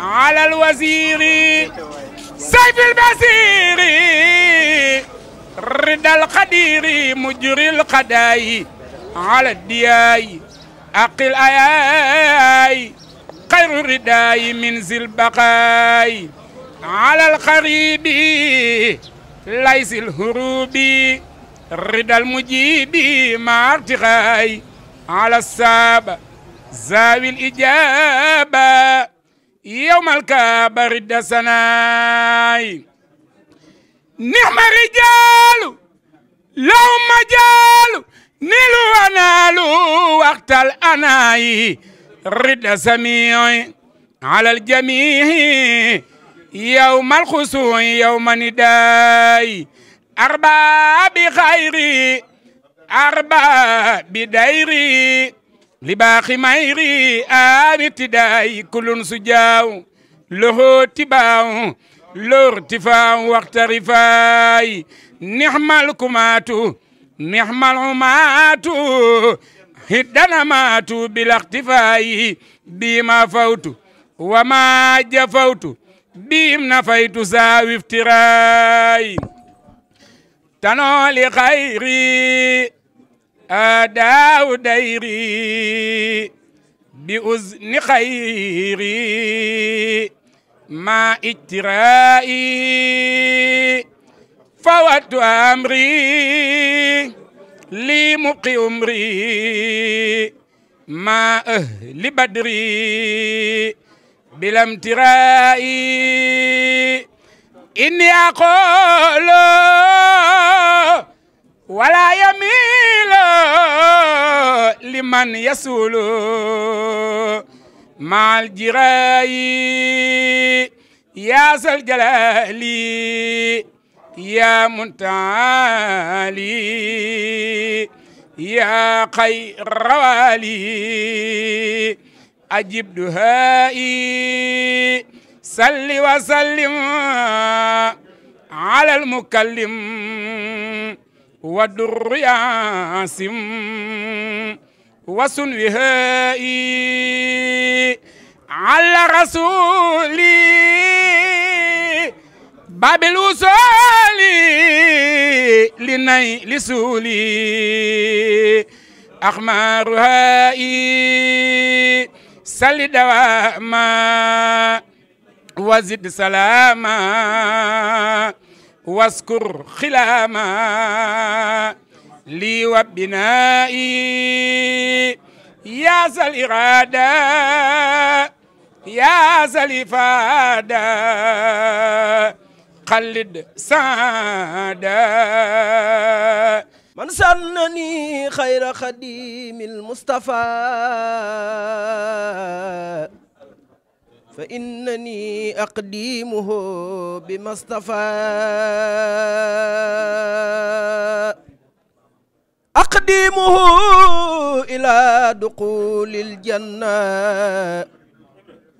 على الوزير سيف البصير رضا القدير مجري القداي على الدياي أقل أياي خير الرداي من ذي البقاي على القريب ليس الهروب رضا المجيب مع ارتقاي على الساب زاوي الإجابة yowmal kaabari dasanaay nixma rijaalu law majaalu nilu anaalu waxtal anaayi rida samii alal jamiihi yowmal xusuuy yowma nidaayi arbaa bi xayri arbaa bi dayri li baaxi mayri aamitidaay kulun su jaaw lohoo tibaaw loor tifaaw waxtari faay nixmal kumaatu nixmal umaatu hiddana maatu bilaxtifaayi biima fawtu wama jafawtu biim nafaytu saa wiftiraay tanooli xayri آداء ديري بأذن خيري ما اترائي فوت أمري لي مقي أمري ما أهل بدري بلا امترائي إني أقول ولا يميل لمن يسول مع الجراي يا ذا الجلال يا منتعالي يا خير والي أجب دهائي صل وسلم على المكلم ودرياس وسنوهاء على رسولي باب الوصول لني لسولي أخمارها سل دواما وزد سلاما واسكر خلاما لي وبنائي يا ذا الإرادة يا ذا الإفادة قلد سادة من سنني خير خديم المصطفى fa innani aqdimuhu bima stafa aqdimuhu ila duqulil janna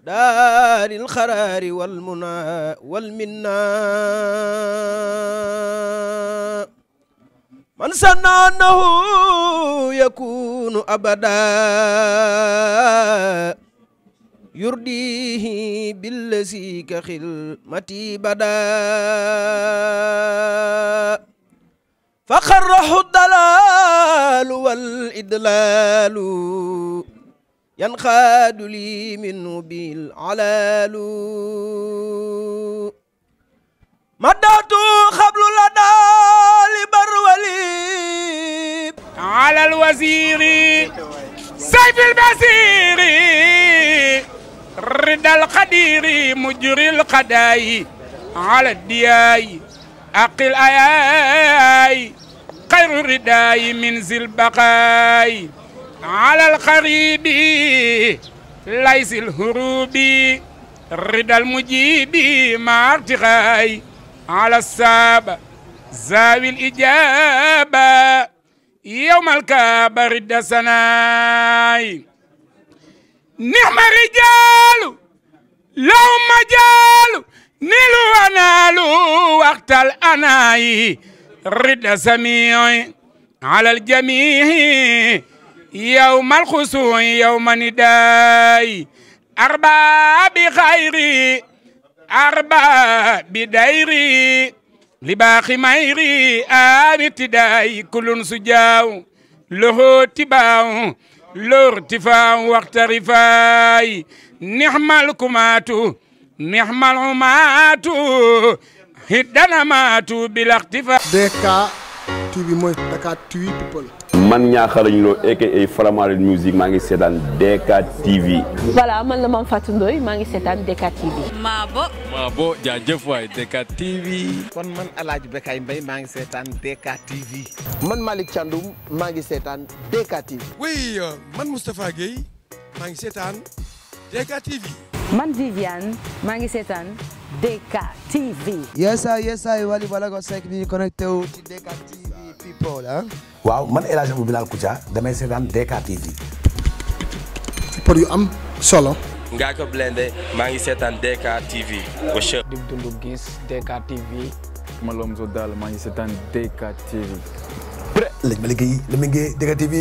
daaril xaraari wal muna wal minna man sanna annahu yakunu abada yurdihi billasi ka xilmati bada fa xarrahu dalalu wal idlalu yanxaadu li minhu bil alalu madatu xablu la daali barwali ala alwasiri sayfil basiri بعد القدير مجري القداي على الدياي أقل أياي خير رداي من ذي البقاي على القريب ليس الهروب رضا المجيب مع ارتقاي على الساب زاوي الإجابة يوم الكاب رد سناي نعم رجال law ma jaalu nilu anaalu waxtal anaayi rida samioy alal jamihi yowma alxusuuy yowma nidaayi arba bi xayri arba bi dayri li baaxi mayri aami tidaayi kulun su jaaw loxoo tibaaw لو ارتفاع واقترفاي نعم الكمات نعم العمات هدنا ماتوا بلا اختفاء DK TV mooy Dakar TV people man Niakhar Lô aka Faramareen Music maa ngi seetaan DK TV. voilà man la Mame Fatou maa ngi seetaan DK TV. Maabo. Maabo jaajëf waay DK TV. kon man El Hadj Bekay maa ngi seetaan DK TV. man Malick Thiandoum maa ngi seetaan DK TV. oui euh, man Moustapha Guèye maa ngi seetaan DK TV. man Viviane maa ngi seetaan. DK TV. yes sir yes sir Wally Ballago Seck mi pro waaw man El Hadj Abou Bilal Koutia damay seetaan DK pour yu am solo. ngaa ko maa ngi seetaan DK TV. di dundu gis DK TV. Malom Zo daal maa ngi seetaan DK TV. léegi ma liggéey li mu ngi DK TV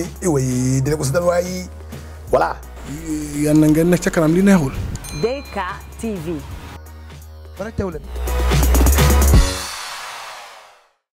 dina ko seetaan waay voilà. yal na ngeen nekk ca kanam li neexul. DK TV.